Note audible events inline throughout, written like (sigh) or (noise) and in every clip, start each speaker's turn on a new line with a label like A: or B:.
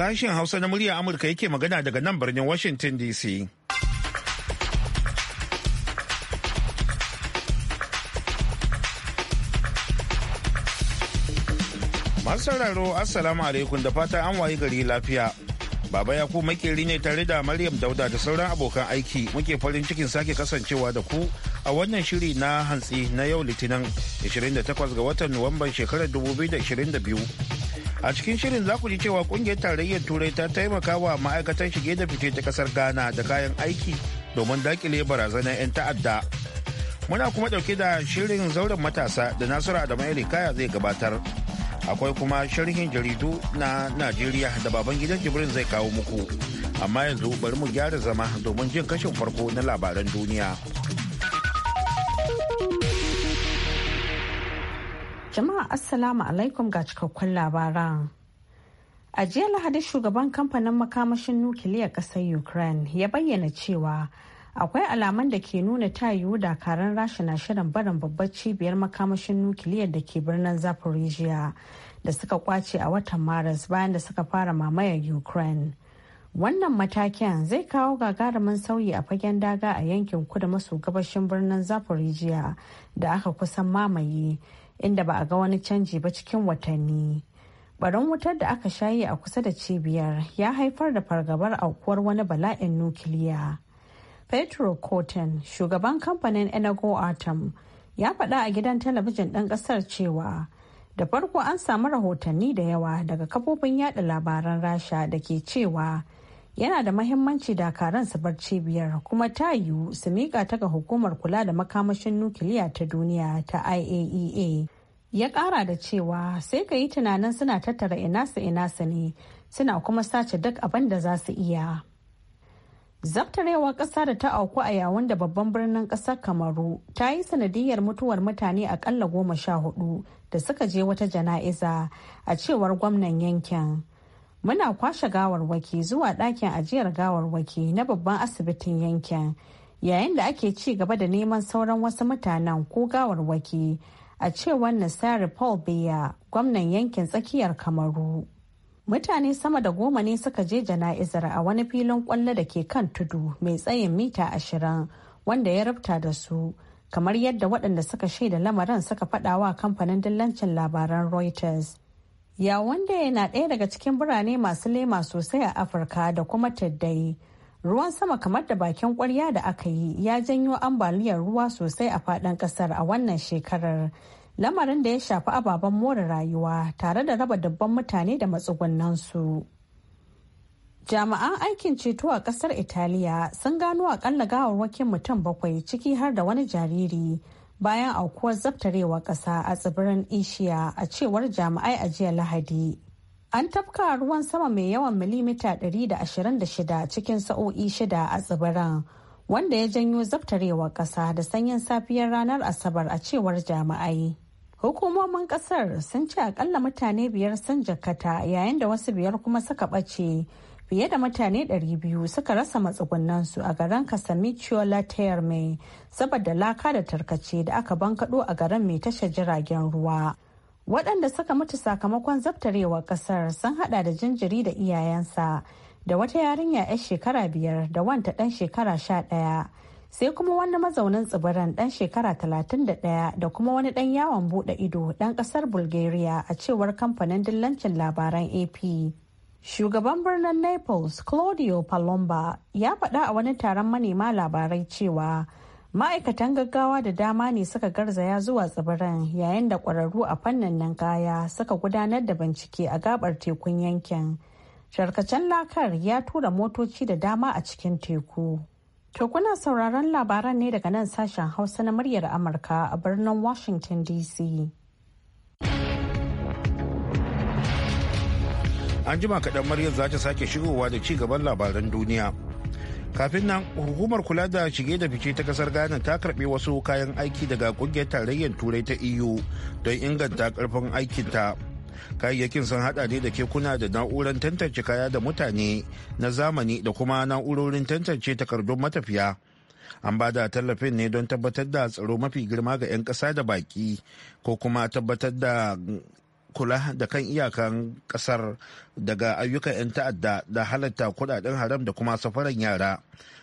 A: Sashen Hausa na murya Amurka yake magana daga nan birnin Washington DC. Masu sauraro Assalamu alaikum da fatan an wayi gari lafiya. Baba ya ku makeri ne tare da Maryam Dauda da sauran abokan aiki muke farin cikin sake kasancewa da ku a wannan shiri na hantsi na yau Litinin 28 ga watan Nuwamban shekarar 2022. a cikin shirin za ku ji cewa kungiyar tarayyar turai ta taimaka wa ma'aikatan shige da fice ta kasar ghana da kayan aiki domin dakile barazanar 'yan ta'adda muna kuma dauke da shirin zauren matasa da nasiru mai kaya zai gabatar akwai kuma sharhin jaridu na najeriya da baban gidan jibrin zai kawo muku amma yanzu bari mu gyara zama domin jin kashin farko na labaran duniya
B: Jama'a Assalamu alaikum ga cikakkun labaran. A jiya Lahadi shugaban kamfanin makamashin nukiliyar ƙasar Ukraine ya bayyana cewa akwai alaman da ke nuna ta yiwu dakaran rasha na shirin barin babbar cibiyar makamashin nukiliya da ke birnin Zaporizhia da suka kwace a watan Maris bayan da suka fara mamayar Ukraine. Wannan matakin zai kawo gagarumin sauyi a fagen daga a yankin kudu maso gabashin birnin Zaporizhia da aka kusan mamaye inda ba a ga wani canji ba cikin watanni barin wutar da aka shayi a kusa da cibiyar ya haifar da fargabar aukuwar wani bala'in nukiliya petro cotton shugaban kamfanin enago atom ya faɗa a gidan talabijin ɗan ƙasar cewa da farko an samu rahotanni da yawa daga kafofin yada labaran rasha da ke cewa yana da mahimmanci dakaran su barci biyar kuma ta yiwu su miƙa ta ga hukumar kula da makamashin nukiliya ta duniya ta iaea e ya ƙara da cewa sai ka yi tunanin suna tattara ina su ina su ne suna kuma sace duk abin da za su iya zaftarewa ƙasa da ta auku a yawon da babban birnin ƙasar kamaru ta yi sanadiyar mutuwar mutane akalla goma sha hudu da suka je wata jana'iza a cewar gwamnan yankin muna kwashe gawarwaki zuwa ɗakin ajiyar gawarwaki na babban asibitin yankin yayin da ake ci gaba da neman sauran wasu mutanen ko gawarwaki a cewar nasari paul beya gwamnan yankin tsakiyar kamaru mutane sama da goma ne suka je jana'izar a wani filin kwallo da ke kan tudu mai tsayin mita ashirin wanda ya rabta da su kamar yadda waɗanda suka shaida lamarin suka faɗawa kamfanin dillancin labaran reuters ya wanda yana ɗaya daga cikin birane masu lema sosai a Afirka da kuma taddai. Ruwan sama kamar da bakin ƙwarya da aka yi ya janyo ambaliyar ruwa sosai a faɗin ƙasar a wannan shekarar. Lamarin da ya shafi ababen more rayuwa tare da raba dubban mutane da su. Jami'an aikin ceto a ƙasar Italiya sun gano akalla gawarwakin mutum bakwai ciki har da wani jariri. bayan aukuwar zabtarewa ƙasa a tsibirin ishiya a cewar jami'ai a jiya lahadi an tafka ruwan sama mai yawan milimita 126 cikin sa'o'i shida a tsibirin wanda ya janyo zabtarewa ƙasa da sanyin safiyar ranar asabar a cewar jami'ai hukumomin kasar sun ce akalla mutane biyar sun jakata yayin da wasu biyar kuma suka ɓace fiye da mutane 200 suka rasa matsugunansu a garin latayar mai saboda laka da tarkace da aka bankaɗo a garin mai tashar jiragen ruwa. Waɗanda suka mutu sakamakon zabtarewar ƙasar sun hada da jinjiri da iyayensa da wata yarinya 'yar shekara biyar da wanta ɗan shekara sha ɗaya. Sai kuma wani mazaunin tsibiran ɗan shekara 31 da kuma wani ɗan yawon buɗe ido ɗan ƙasar Bulgaria a cewar kamfanin dillancin labaran AP. Shugaban birnin Naples, Claudio Palomba, ya faɗa a wani taron manema labarai cewa ma'aikatan gaggawa da dama ne suka garzaya zuwa tsibirin yayin da ƙwararru a fannin nan kaya suka gudanar da bincike a gabar tekun yankin. Sharkacen lakar ya tura motoci da dama a cikin teku. To kuna sauraron labaran ne daga nan sashen Hausa na muryar Amurka a birnin Washington DC.
A: an jima kaɗan maryam za ta sake shigowa da ci gaban labaran duniya kafin nan hukumar kula da shige da fice ta kasar ghana ta karbi wasu kayan aiki daga kungiyar tarayyar turai ta eu don inganta karfin aikinta kayayyakin sun hada ne da kekuna da na'urar tantance kaya da mutane na zamani da kuma na'urorin tantance takardun matafiya an ba da tallafin ne don tabbatar da tsaro mafi girma ga 'yan ƙasa da baki ko kuma tabbatar da kula da kan iyakan kasar daga ayyukan 'yan ta'adda da halatta kudaden haram da kuma safaran yara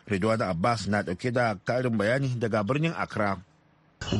A: ridwan abbas na dauke da karin bayani daga birnin
C: accra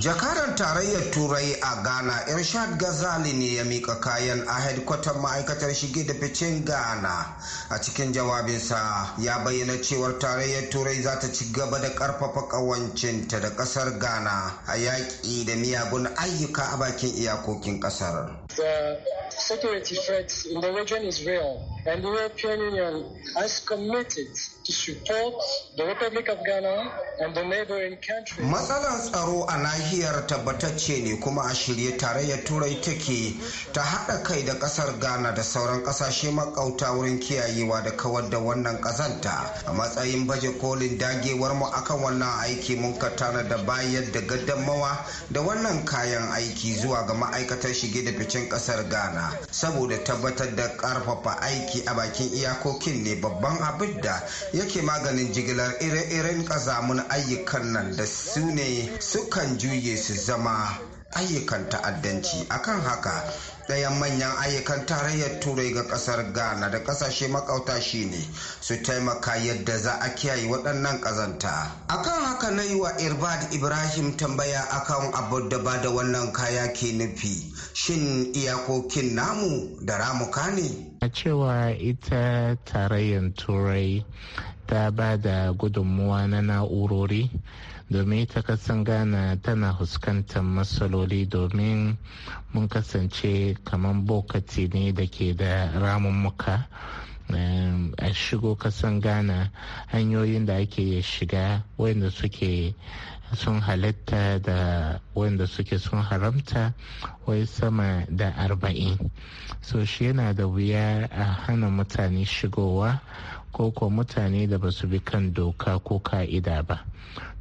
C: Jakarar tarayyar Turai a Ghana, Irshad gazali ne ya mika kayan a hedkwatar ma'aikatar shige da ficen Ghana. A cikin jawabinsa ya bayyana cewar tarayyar Turai za ta ci gaba da karfafa kawancinta da kasar Ghana a yaƙi da miyagun ayyuka a bakin iyakokin kasar. the
D: uh, security threat in the region is real. and the European Union has committed to support the Republic of Ghana and the neighboring countries. Matsalar
C: tsaro a nahiyar tabbatacce ne kuma a shirye tarayyar Turai take ta haɗa kai da ƙasar Ghana da sauran ƙasashe makauta wurin kiyayewa da kawar da wannan ƙazanta. A matsayin baje kolin dagewar mu akan wannan aiki mun ka da bayar da gaddamawa da wannan kayan aiki zuwa ga ma'aikatar shige da ficen ƙasar Ghana saboda tabbatar da ƙarfafa aiki a bakin iyakokin ne babban abin da yake maganin jigilar ire-iren kazamun ayyukan nan da su ne sukan juye su zama ayyukan ta'addanci akan haka ɗayan manyan ayyukan tarayyar turai ga ƙasar ghana da ƙasashe makauta shine su taimaka yadda za a kiyaye waɗannan ƙazanta akan haka na yi wa irbad ibrahim tambaya akan abu da ba da wannan kaya ke nufi shin iyakokin namu da ramuka ne
E: a cewa ita tarayyar turai ta ba da gudunmuwa na na'urori domin ita kasan gana tana fuskantar matsaloli domin mun kasance kamar bokati ne da ke da ramummuka ehm, a shigo kasan gana hanyoyin da ake shiga wayanda suke sun halitta da wanda suke sun haramta wai sama da arba'in so shi yana da wuya a hana mutane shigowa ko ko mutane da ba su bi kan doka ko ka'ida ba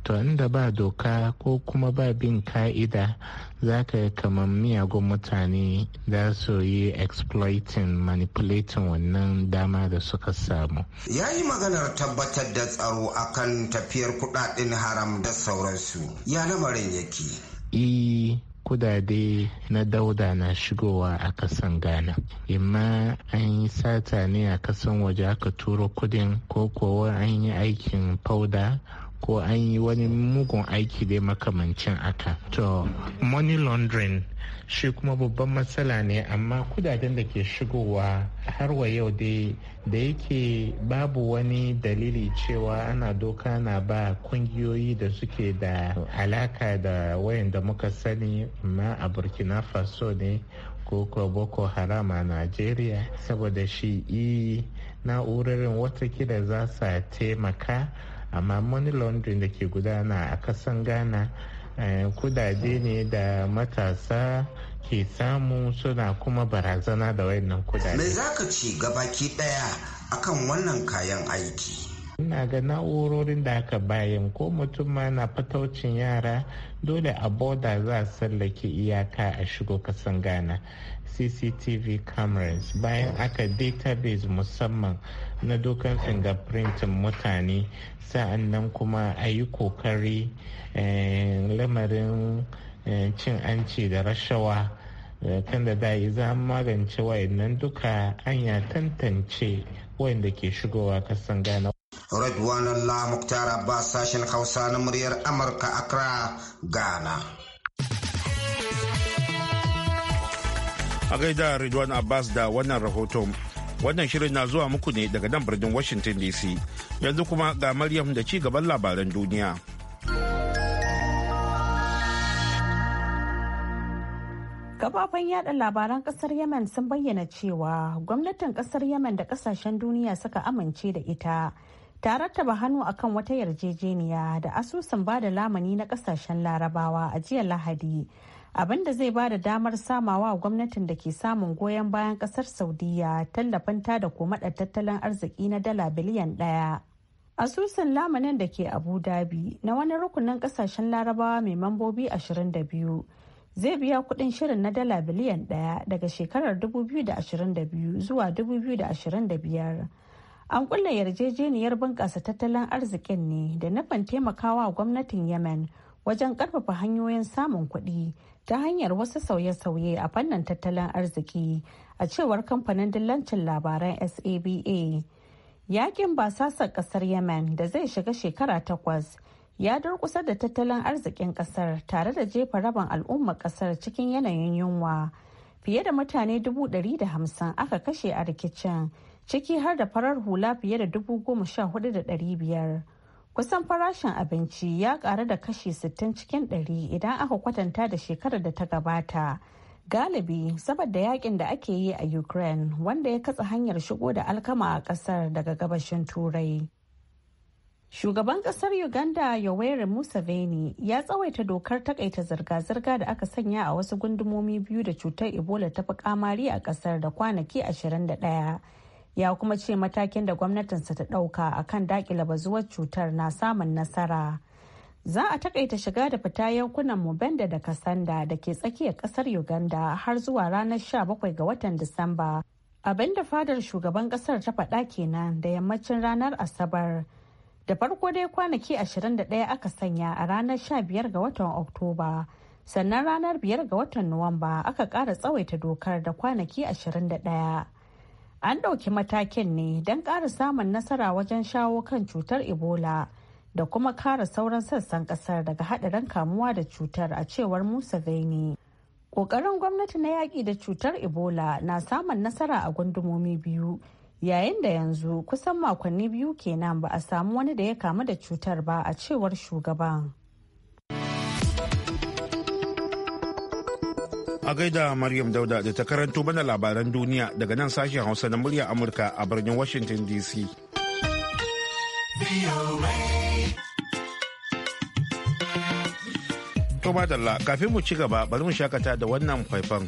E: to inda ba doka ko kuma ba bin ka'ida za ka yi kamar miyagun mutane da su yi exploiting manipulating wannan dama da suka samu
C: ya yi maganar tabbatar da tsaro akan tafiyar kudaden haram da sauransu ya lamarin
E: yake kudade na dauda na shigowa a kasan ghana imma an yi sata ne a kasan waje aka turo kudin ko kowa an yi aikin fauda ko an yi wani mugun aiki dai makamancin aka to money laundering shi kuma babban matsala ne amma kudaden da ke shigowa har wa yau dai da yake babu wani dalili cewa ana doka na ba kungiyoyi da suke da alaka da wayan da muka sani ma a burkina faso ne ko boko haram a najeriya saboda shi na'urorin watakila za su taimaka amma money laundering da ke gudana a kasan ghana eh, kudade ne da matasa ke samu suna kuma barazana da wayannan
C: kudade Mai zaka ci gabaki daya akan wannan kayan
E: aiki. ina ga na'urorin da aka bayan ko mutum ma na fataucin yara dole a boda za a sallake iyaka a shigo kasan ghana cctv cameras bayan aka database musamman na dokan fingerprintin mutane sa'an nan kuma a yi kokari eh, lamarin eh, cin anci da rashawa kan eh, da da yi za magance wayannan duka anya tantance wayanda ke shigowa kasan gana
C: Radwan Allah Muktar Abbas sashen Hausa na muryar Amurka Accra, Ghana. a gaida
A: Ridwan Abbas da wannan rahoton. Wannan shirin na zuwa muku ne daga nan birnin Washington DC. Yanzu kuma ga Maryam da ci gaban labaran duniya.
B: Kafafen yada labaran kasar Yemen sun bayyana cewa gwamnatin kasar Yemen da kasashen duniya suka amince da ita. Ta rattaba hannu akan wata yarjejeniya da asusun ba da lamani na kasashen larabawa a jiya Lahadi. abin da zai ba da damar samawa gwamnatin da ke samun goyon bayan kasar saudiya tallafin ta da komaɗar tattalin arziki na dala biliyan ɗaya. asusun lamunin da ke abu dhabi na wani rukunin kasashen larabawa mai mambobi 22 zai biya kudin shirin na dala biliyan daya daga shekarar 2022 zuwa 2025 an kulle yarjejeniyar bunƙasa tattalin arzikin ne da nufin taimakawa gwamnatin yemen wajen karfafa hanyoyin samun kuɗi ta hanyar wasu sauye-sauye a fannin tattalin arziki a cewar kamfanin dillancin labaran saba yakin basasar kasar yemen da zai shiga shekara takwas ya durkusa da tattalin arzikin kasar tare da jefa rabin al'ummar kasar cikin yanayin yunwa fiye da mutane dubu da hamsin aka kashe a rikicin ciki har da farar hula fiye da dubu goma sha hudu da biyar. kusan farashin abinci ya ƙaru da kashi 60 cikin 100 idan aka kwatanta da shekarar da ta gabata galibi saboda yakin da ake yi a ukraine wanda ya katsa hanyar shigo da alkama a ƙasar daga gabashin turai Shugaban kasar Uganda Yoweri Museveni ya tsawaita dokar takaita zirga-zirga da aka sanya a wasu gundumomi biyu da cutar Ebola ta fi kamari a ƙasar da kwanaki 21 ya kuma ce matakin da gwamnatinsa ta ɗauka a kan dakila bazuwar cutar na samun nasara za a takaita shiga da fita yankunan mubenda da kasanda da ke tsakiyar kasar uganda har zuwa ranar 17 ga watan disamba abinda fadar shugaban kasar ta faɗa kenan da yammacin ranar asabar da farko dai kwanaki 21 aka sanya a ranar 15 ga watan oktoba sannan ranar 5 ga watan nuwamba aka ƙara tsawaita dokar da kwanaki 21 an ɗauki matakin ne don ƙara samun nasara wajen shawo kan cutar ebola da kuma kare sauran sassan ƙasar daga haɗarin kamuwa da cutar a cewar musa zaini ƙoƙarin gwamnati na yaƙi da cutar ebola na samun nasara a gundumomi biyu yayin da yanzu kusan makonni biyu kenan ba a samu wani da ya kamu da cutar ba a cewar shugaban
A: A gaida Maryam Dauda da ta karanto mana labaran duniya daga nan sashen Hausa na murya Amurka a birnin Washington DC. To madalla kafin mu ci gaba bari mu shakata da wannan faifan.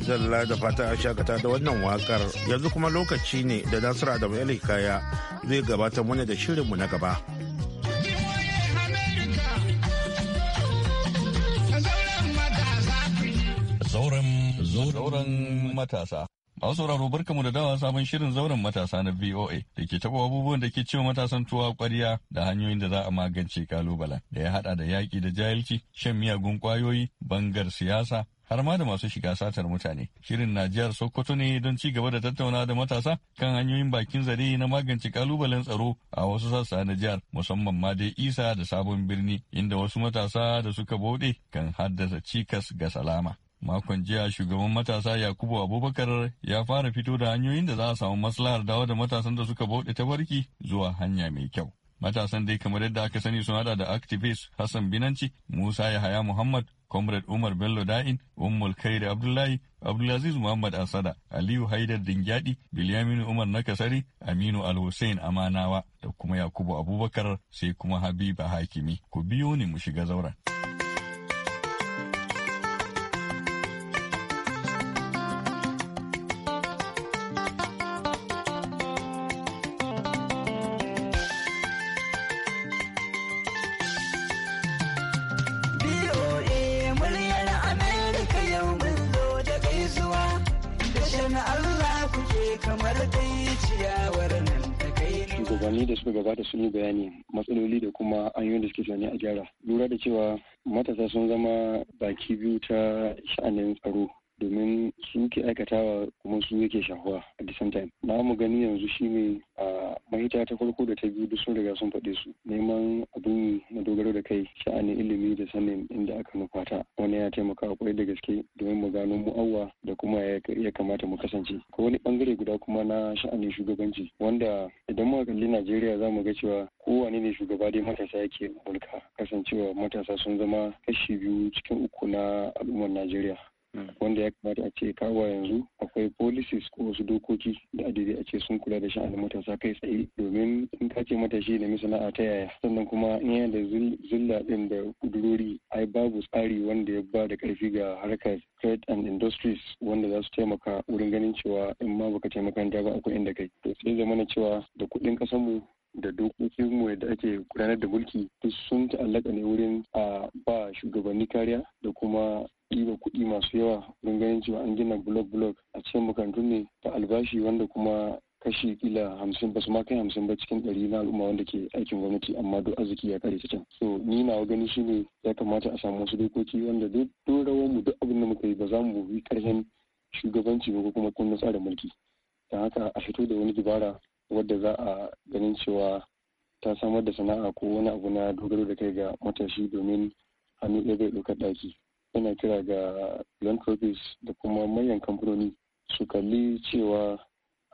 A: zalla da fata a shakata da wannan wakar yanzu kuma lokaci ne da nasiru adamu kaya zai gabatar mana da shirinmu na gaba.
F: Zauren matasa. Masu sauraro barkamu da dawa sabon shirin zauren matasa na VOA da ke taɓa abubuwan da ke cewa matasan tuwa kwariya da hanyoyin da za a magance kalubalen da ya haɗa da yaƙi da jahilci, shan miyagun ƙwayoyi, bangar siyasa, har ma da masu shiga satar mutane. Shirin na jihar Sokoto ne don ci gaba da tattauna da matasa kan hanyoyin bakin zare na magance kalubalen tsaro a wasu sassa na jihar musamman ma dai Isa da sabon birni inda wasu matasa da suka bude kan haddasa cikas ga salama. Makon jiya shugaban matasa Yakubu Abubakar ya fara fito da hanyoyin da za a samu maslahar dawo da matasan da suka bauɗe ta barki zuwa hanya mai kyau. Matasan dai kamar yadda aka sani sun hada da activist Hassan Binanci, Musa Yahaya Muhammad, Comrade Umar Bello Da'in, Ummul Khairi Abdullahi, Abdulaziz Muhammad Asada, Aliyu Haidar Dingyadi, Bilyaminu Umar Nakasari, Aminu Al Hussein Amanawa da kuma Yakubu Abubakar sai kuma Habiba Hakimi. Ku biyo ni mu shiga zauren.
G: kamar dai ciyawar nan
D: shugabanni da suka gabata sun yi bayani matsaloli da kuma hanyoyin da suke tunani a gyara lura da cewa matasa sun zama baki biyu ta sha'anin tsaro domin su ke aikatawa kuma su yake shahuwa a the same time na mu gani yanzu shi shine a mahita ta farko da ta biyu duk sun riga sun faɗe su neman abin na dogaro da kai sha'anin ilimi da sanin inda aka nufata wani ya taimaka kwarai da gaske domin mu gano mu'awwa da kuma ya kamata mu kasance ko wani bangare guda kuma na sha'anin shugabanci wanda idan muka kalli najeriya za mu ga cewa kowane ne shugaba dai matasa yake mulka kasancewa matasa sun zama kashi biyu cikin uku na al'ummar najeriya wanda ya kamata a ce kawo yanzu akwai policies ko wasu dokoki da adadi a ce sun kula da sha'anin matasa kai tsaye domin in ka ce matashi da misana'a ta yaya sannan kuma in yana da zilla din da kudurori ai babu tsari wanda ya ba da karfi ga harkar trade and industries wanda za su taimaka wurin ganin cewa in ma baka taimaka ba akwai inda kai to sai zamana cewa da kuɗin ƙasarmu da dokokinmu da ake gudanar da mulki duk sun ta'allaka ne wurin a ba shugabanni kariya da kuma ɗiba kuɗi masu yawa don ganin cewa an gina blok blog a cikin makarantu ne da albashi wanda kuma kashi kila hamsin ba su ma kai hamsin ba cikin ɗari na al'umma wanda ke aikin gwamnati amma duk arziki ya kare can so ni nawa gani shi ne ya kamata a samu wasu dokoki wanda duk rawar mu duk abin da muka yi ba za mu bi ƙarshen shugabanci ba ko kuma kunna tsarin mulki don haka a fito da wani dabara wadda za a ganin cewa ta samar da sana'a ko wani abu na dogaro da kai ga matashi domin hannu ɗaya bai ɗaukar ɗaki yana kira ga philanthropies da kuma manyan kamfanoni su kalli cewa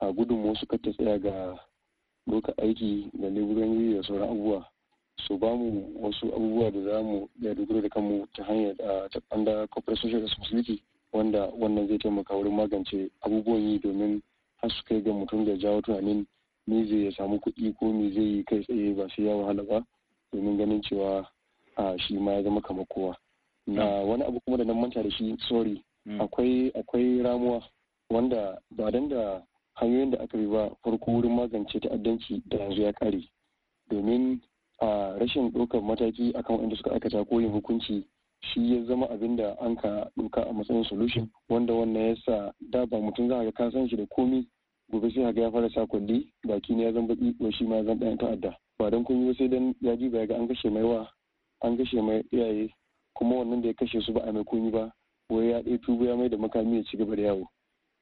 D: a gudun wasu ta tsaya ga doka aiki da leburan yi da sauran abubuwa su ba mu wasu abubuwa da za mu da dogara da kanmu ta hanyar da ta ɓanda corporate social responsibility wanda wannan zai taimaka wurin magance abubuwan yi domin har su kai ga mutum da jawo tunanin me zai ya samu kuɗi ko me zai yi kai tsaye ba sai ya wahala ba domin ganin cewa a shi ma ya zama kamar kowa na mm. wani abu kuma da nan manta da shi sorry mm. akwai akwai ramuwa wanda ba dan da hanyoyin da aka bi ba farko wurin magance ta'addanci da yanzu ya kare domin a rashin ɗaukar mataki akan waɗanda suka aikata ko yin hukunci shi ya zama abin da an ka ɗauka a matsayin solution wanda wannan ya sa da ba mutum za a ga ka san shi da komi gobe sai ga ya fara sa kwalli baki ne ya zan baki ko shi ma ya zan ɗan ta'adda ba don kun yi sai dan ya ji ba ga an kashe mai wa an kashe mai iyaye kuma wannan da ya kashe su ba a mai komi ba wai ya ɗaya tuba ya mai da makami ya ci gaba da yawo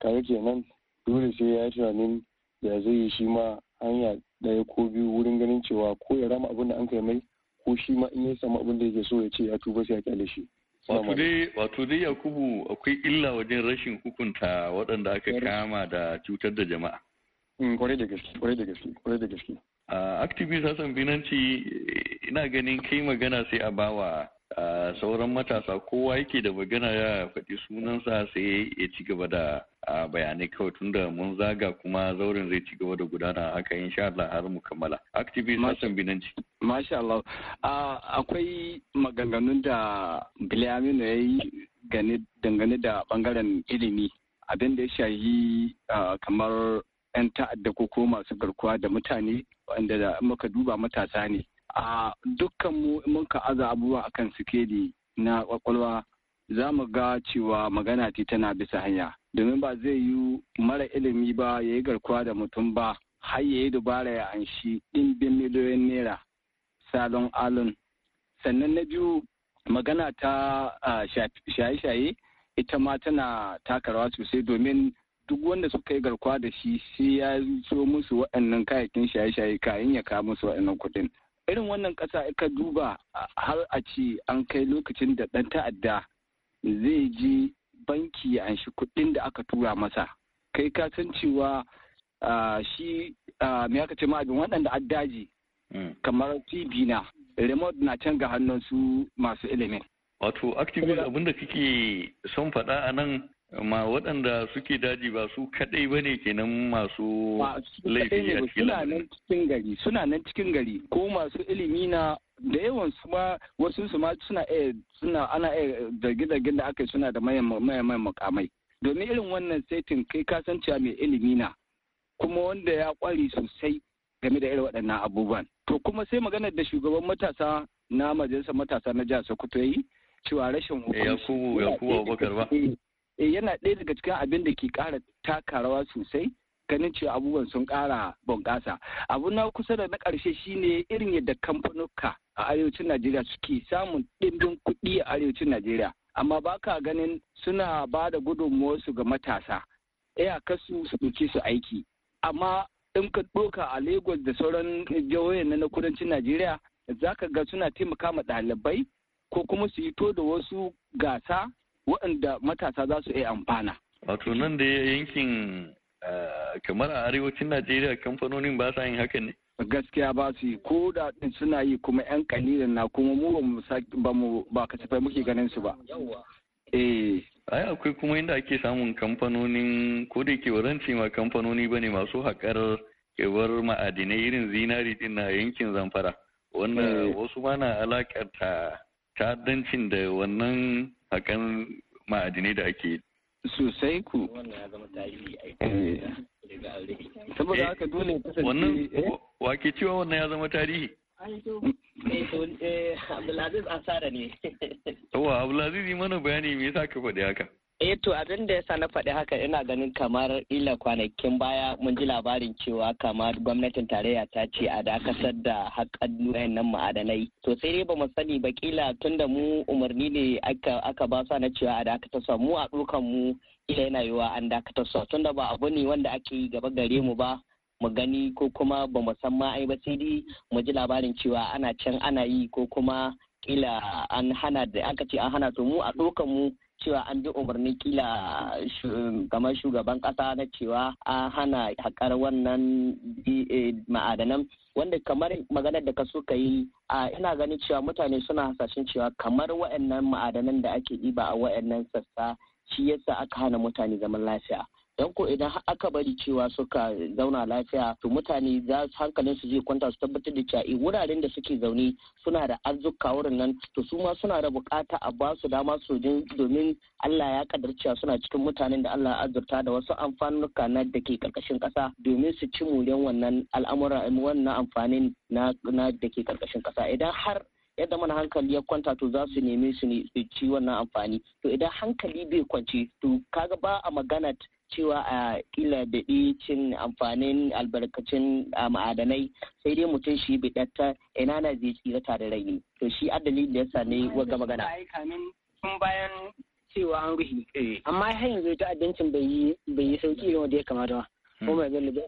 D: kaga kenan dole sai ya yi tunanin ya zai yi shi ma hanya ɗaya ko biyu wurin ganin cewa ko ya rama abin da an kai mai ko shi ma in ya samu abin da yake so ya ce ya tuba sai ya kyale shi
F: wato dai yakubu akwai illa wajen rashin hukunta waɗanda aka kama da cutar da jama'a mm, kwarai da gaske kwarai da gaske kwarai da gaske ah, activist hassan binanci ina ganin kai magana sai a bawa Ah, sauran matasa kowa yake da magana ya faɗi sunansa sai ya ci gaba da ah, bayanai kawai da mun zaga kuma zauren zai ci gaba da gudana haka insha Allah har mu kammala activist Hassan Binanci Masha Allah ah, akwai maganganun
G: da Bilyaminu ya yi dangane da bangaren ilimi abin da ya shayi kamar 'yan ta'adda ko masu garkuwa da mutane wanda muka duba matasa ne a dukkan mu muka aza abubuwa akan sikeli na kwakwalwa za mu ga cewa magana ce tana bisa hanya domin ba zai yi mara ilimi ba ya yi garkuwa da mutum ba har ya yi dubara ya anshi ɗimbin miliyoyin naira salon alun sannan na biyu magana ta shaye-shaye ita ma tana takarwa sosai domin duk wanda suka yi garkuwa da shi sai ya zo musu waɗannan kayayyakin shaye-shaye kayan ya kawo musu waɗannan kuɗin irin wannan ƙasa ka duba har a ce an kai lokacin da ɗan ta'adda zai ji banki ya anshi kuɗin da aka tura masa kai ka san cewa shi me aka ce ma'abin waɗanda addaji hmm. kamar tv na remote na canza ga hannun su masu
F: ilimin wato activist abinda kake son faɗa a nan amma waɗanda suke daji ba su kaɗai ba ne kenan masu laifi a cikin suna
E: nan cikin
G: gari suna nan cikin gari ko masu ilimi na da yawan su ma wasu su ma suna suna ana zargi-zargin da aka suna da mayan makamai domin irin wannan saitin kai cewa mai ilimi na kuma wanda ya kware sosai game da irin waɗannan abubuwan to kuma sai maganar da shugaban matasa na majalisar matasa na jihar sokoto ya yi cewa rashin hukunci eh, yakubu yakubu abubakar ba Eh, yana ɗaya daga cikin abin da ke ƙara taka rawa sosai ganin cewa abubuwan sun ƙara bunƙasa abu na kusa da na ƙarshe shine irin yadda kamfanuka a arewacin najeriya suke samun ɗimbin kuɗi a arewacin najeriya amma ba ka ganin suna ba da su ga matasa iyakarsu su ɗauke su aiki amma in ka ɗoka a lagos da sauran jihohin na kudancin najeriya za ka ga suna taimaka ma ɗalibai ko kuma su yi to da wasu gasa waɗanda matasa za su iya amfana.
F: Wato nan da yankin kamar a arewacin Najeriya kamfanonin ba sa yin haka ne?
G: Gaskiya ba su yi ko da suna yi kuma 'yan kalilan na kuma mu ba mu ba kasafai muke ganin su ba.
F: Eh. Ai akwai kuma inda ake samun kamfanonin ko da ke waranci ma kamfanoni bane masu haƙar kewar ma'adinai irin zinari din na yankin zamfara. Wannan eh. wasu ma na alakar ta ta'addancin da wannan hakan ma'adinai da ake sosai ku
H: eh. saboda haka dole wannan eh?
F: wake cewa wannan ya zama tarihi
H: Eh, eh, Abdulaziz Ansara ne. (laughs)
F: Wa Abdulaziz yi mana bayani me ka faɗi haka?
H: Eh to abin da yasa na faɗi haka ina ganin kamar ila kwanakin baya mun ji labarin cewa kamar gwamnatin tarayya ta ce a dakatar da haƙan wayannan ma'adanai. To sai dai ba mu sani ba kila tunda mu umarni ne aka ba sa na cewa a dakatar sa mu a ɗaukan mu ila yana yiwa an dakatar sa tunda ba abu ne wanda ake yi gaba gare mu ba mu gani ko kuma ba mu san ma ai ba sai dai mu ji labarin cewa ana can ana yi ko kuma kila an hana da aka ce an hana to mu a ɗaukan mu cewa an bi umarni kila kamar shugaban kasa na cewa an hana haƙar wannan ma'adanan wanda kamar maganar da ka so ka yi a ina ganin cewa mutane suna hasashen cewa kamar wa'annan ma'adanan da ake ɗiba a wa'annan sassa shi yasa aka hana mutane zaman lafiya don ko idan aka bari cewa suka zauna lafiya to mutane za hankalin su zai kwanta su tabbatar da cewa eh, wuraren da suke zaune suna da arzuka wurin nan to su ma suna da bukata a ba su dama su domin Allah ya kadar cewa suna cikin mutanen da Allah ya azurta da wasu amfanuka na da ke karkashin kasa domin su ci muriyan wannan al'amura wannan amfanin na da ke karkashin kasa idan har yadda mana hankali ya kwanta to za su neme su ci wannan amfani to idan hankali bai kwance to kaga ba a magana cewa a kila daɗi cin amfanin albarkacin ma'adanai sai dai mutum shi bidatta ina na zai tsira tare da rai to shi adalin da ya sani waga magana tun bayan cewa an ruhi eh. amma har yanzu ta abincin bai yi sauki irin wanda ya kamata ba hmm. ko mai zai lubi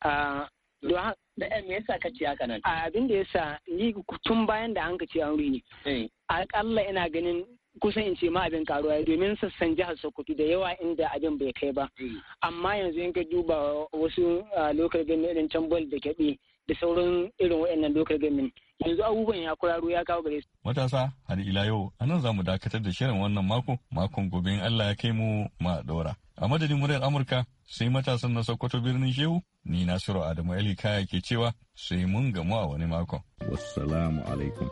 H: a don da eh, ya me yasa ka ce haka nan abin da yasa ni tun bayan da an ka ce an ruhi a eh. akalla ina ganin kusan in ce ma abin karuwa domin sassan jihar Sokoto da yawa inda abin bai kai ba. Mm. Amma yanzu in ka duba wasu local government irin Chambal da Kebbi da sauran irin waɗannan lokar government yanzu abubuwan ya kuraro ya kawo gare su.
F: Matasa har ila yau a nan za mu dakatar da shirin wannan mako makon gobe in Allah ya kai mu ma ɗora. A madadin muryar Amurka sai matasan na Sokoto birnin Shehu ni Nasiru Adamu Ali Kaya ke cewa sai mun gamu a wani mako. Wassalamu alaikum.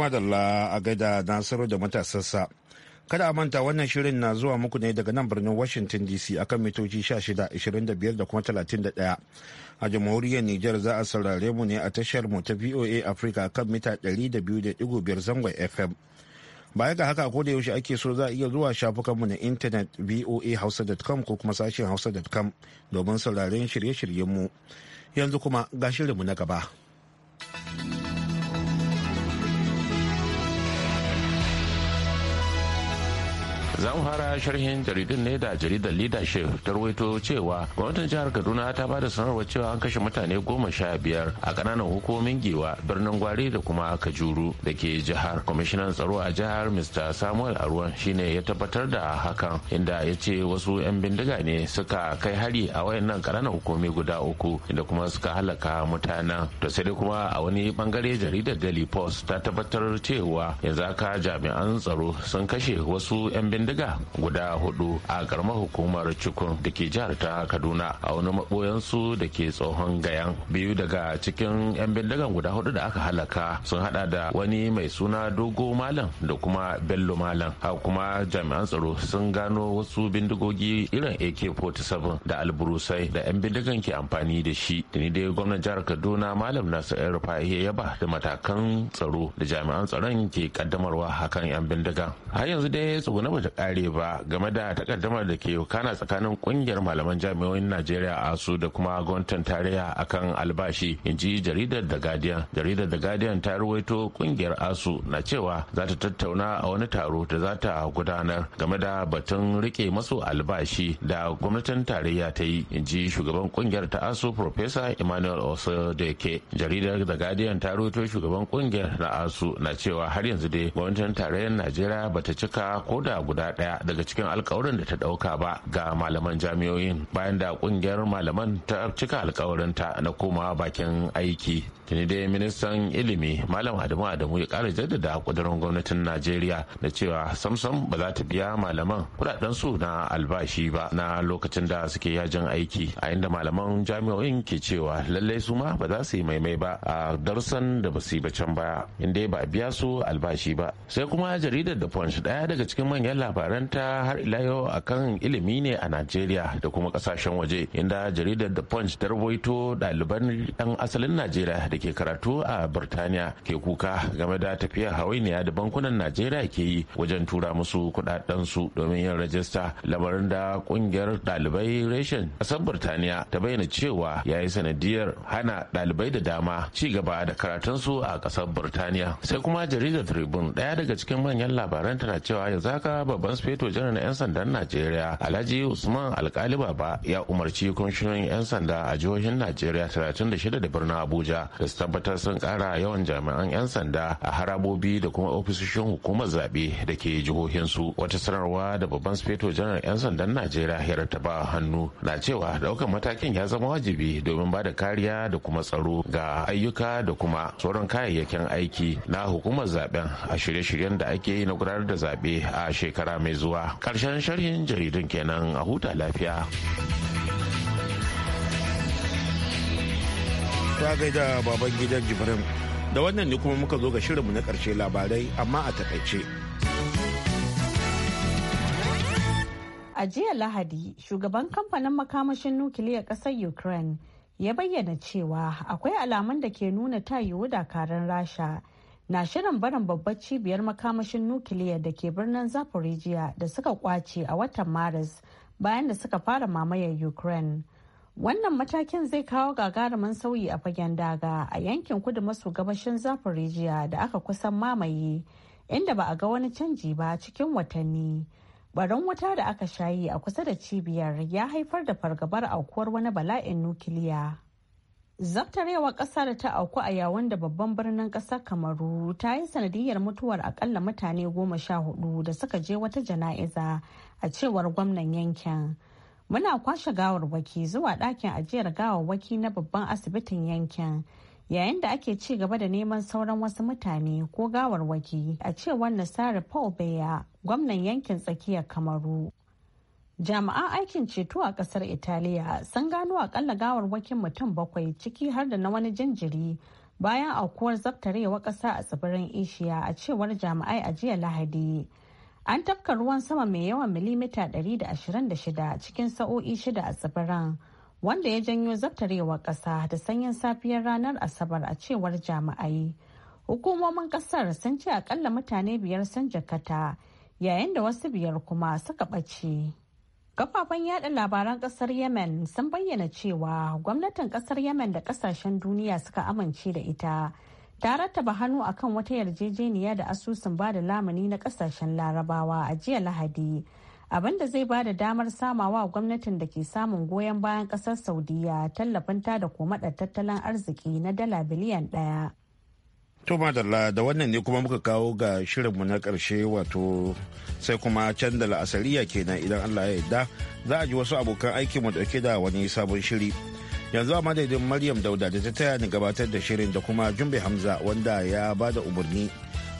A: madalla a gaida Nasiru da matasarsa. Kada a manta wannan shirin na zuwa muku ne daga nan birnin Washington DC akan mitoci 16, da kuma 31. A jamhuriyar Nijar za a saurare mu ne a tashar mu ta VOA Africa kan mita 200.5 zangon FM. Baya ga haka ko da yaushe ake so za a iya zuwa shafukan mu na intanet voahausa.com ko kuma sashen hausa.com domin sauraren shirye shiryen mu Yanzu kuma ga shirin mu na gaba.
I: zan fara sharhin jaridun ne da jaridar leadership ta ruwaito cewa gwamnatin jihar kaduna ta bada sanarwar cewa an kashe mutane goma sha biyar a kananan hukumomin giwa birnin gwari da kuma kajuru da ke jihar kwamishinan tsaro a jihar mr samuel aruwan shine ya tabbatar da hakan inda ya ce wasu 'yan bindiga ne suka kai hari a wayannan kananan hukumi guda uku inda kuma suka halaka mutanen to sai dai kuma a wani bangare jaridar daily post ta tabbatar cewa yanzu haka jami'an tsaro sun kashe wasu 'yan bindiga bindiga guda hudu a karamar hukumar cikin da ke jihar ta Kaduna a wani maboyansu da ke tsohon gayan. Biyu daga cikin 'yan bindigan guda hudu da aka halaka sun hada da wani mai suna Dogo Malam da kuma Bello Malam. Haka kuma jami'an tsaro sun gano wasu bindigogi irin AK-47 da alburusai da 'yan bindigan ke amfani da shi. Da ni dai gwamnan jihar Kaduna Malam Nasir Rufa'i ya ba da matakan tsaro da jami'an tsaron ke kaddamarwa hakan 'yan bindigan. Har yanzu dai tsuguna ba kare ba game da takaddamar da ke kana tsakanin kungiyar malaman jami'o'in najeriya asu da kuma gwamnatin tarayya akan albashi in ji jaridar the guardian jaridar the guardian ta ruwaito kungiyar asu na cewa za ta tattauna a wani taro da za ta gudanar game da batun rike masu albashi da gwamnatin tarayya ta yi in ji shugaban kungiyar ta asu professor emmanuel osu da ke jaridar the guardian ta ruwaito shugaban kungiyar na asu na cewa har yanzu dai gwamnatin tarayyar najeriya bata cika ko da guda daya daga cikin alkawarin da ta ɗauka ba ga malaman jami'oyin bayan da ƙungiyar malaman ta cika alkawarinta na komawa bakin aiki tuni dai ministan ilimi malam adamu adamu ya kara jaddada kudurin gwamnatin najeriya da cewa samsam ba za ta biya malaman kudaden su na albashi ba na lokacin da suke yajin aiki a inda malaman jami'oyin ke cewa lallai su ma ba za su yi maimai ba a darsan da ba su yi ba can baya inda ba biya su albashi ba sai kuma jaridar da punch ɗaya daga cikin manyan labarai labaranta har ila yau akan ilimi ne a Najeriya da kuma kasashen waje inda jaridar The Punch ta rawaito ɗaliban ɗan asalin Najeriya da ke karatu a Birtaniya ke kuka game da tafiyar hawainiya da bankunan Najeriya ke yi wajen tura musu kuɗaɗen su domin yin rajista lamarin da kungiyar ɗalibai reshen ƙasar Birtaniya ta bayyana cewa yayi yi sanadiyar hana ɗalibai da dama ci gaba da karatunsu a ƙasar Birtaniya sai kuma jaridar Tribune ɗaya daga cikin manyan labaran tana cewa yanzu haka babban feto janar 'yan sandan najeriya alhaji usman alkali baba ya umarci kwamishinan 'yan sanda a jihohin najeriya 36 da birnin abuja da su tabbatar sun kara yawan jami'an 'yan sanda a harabobi da kuma ofisoshin hukumar zaɓe da ke jihohinsu wata sanarwa da babban feto janar 'yan sandan najeriya ya rattaba hannu na cewa daukan matakin ya zama wajibi domin ba da kariya da kuma tsaro ga ayyuka da kuma sauran kayayyakin aiki na hukumar zaben a shirye-shiryen da ake yi na gudanar da zaɓe a shekara shekara mai zuwa karshen sharhin jaridun kenan a huta lafiya
A: ta gaida baban gidan jibrin da wannan ne kuma muka zo ga shirinmu na karshe labarai amma a takaice
B: a jiya lahadi shugaban kamfanin makamashin nukiliyar ƙasar ukraine ya bayyana cewa akwai alamun da ke nuna ta yiwu dakarun rasha na shirin barin babbar cibiyar makamashin nukiliya da ke birnin zaporijiya da suka kwace a watan maris bayan da suka fara mamayar ukraine wannan matakin zai kawo gagarumin sauyi a fagen daga a yankin kudu maso gabashin zaporijiya da aka kusan mamaye inda ba a ga wani canji ba cikin watanni barin wuta da aka shayi a kusa da cibiyar ya haifar da fargabar aukuwar wani bala'in nukiliya. Zabtarewa ƙasa da ta auku a yawon da babban birnin ƙasar Kamaru ta yi sanadiyar mutuwar akalla mutane goma sha hudu da suka je wata jana'iza a cewar gwamnan yankin. Muna kwashe gawarwaki zuwa ɗakin ajiyar gawarwaki na babban asibitin yankin yayin da ake ci gaba da neman sauran wasu mutane ko gawarwaki a cewar nasarar Paul Beya gwamnan yankin tsakiyar Kamaru. jami'an aikin ceto a kasar italiya sun gano akalla gawarwakin mutum bakwai ciki har da na wani jinjiri bayan aukuwar zaftarewa ƙasa a tsibirin ishiya a cewar jami'ai a jiya lahadi an tafka ruwan sama mai yawan milimita 126 cikin sa'o'i shida a tsibirin wanda ya janyo zaftarewar ƙasa da sanyin safiyar ranar asabar a cewar jami'ai hukumomin ƙasar sun ce akalla mutane biyar sun jakata yayin da wasu biyar kuma suka ɓace. Kafafen yada labaran kasar Yemen sun bayyana cewa gwamnatin kasar Yemen da kasashen duniya suka amince da ita ta rattaba hannu akan wata yarjejeniya da asusun ba da lamuni na kasashen larabawa a jiya lahadi abinda zai ba da damar samawa gwamnatin da ke samun goyon bayan kasar saudiya tallafin ta da komadar tattalin arziki na dala biliyan daya
A: To madalla da wannan ne kuma muka kawo ga shirinmu na ƙarshe wato sai kuma can da kenan idan Allah ya yarda za a ji wasu abokan aiki mu dauke da wani sabon shiri. Yanzu a madadin Maryam Dauda da ta taya ni gabatar da shirin da kuma Jumbe Hamza wanda ya ba da umarni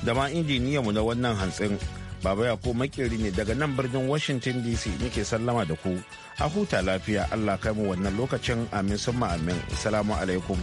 A: da ma injiniya mu na wannan hantsin. Baba ya ko makeri ne daga nan birnin Washington DC nake sallama da ku. A huta lafiya Allah kai mu wannan lokacin amin summa amin. Assalamu alaikum.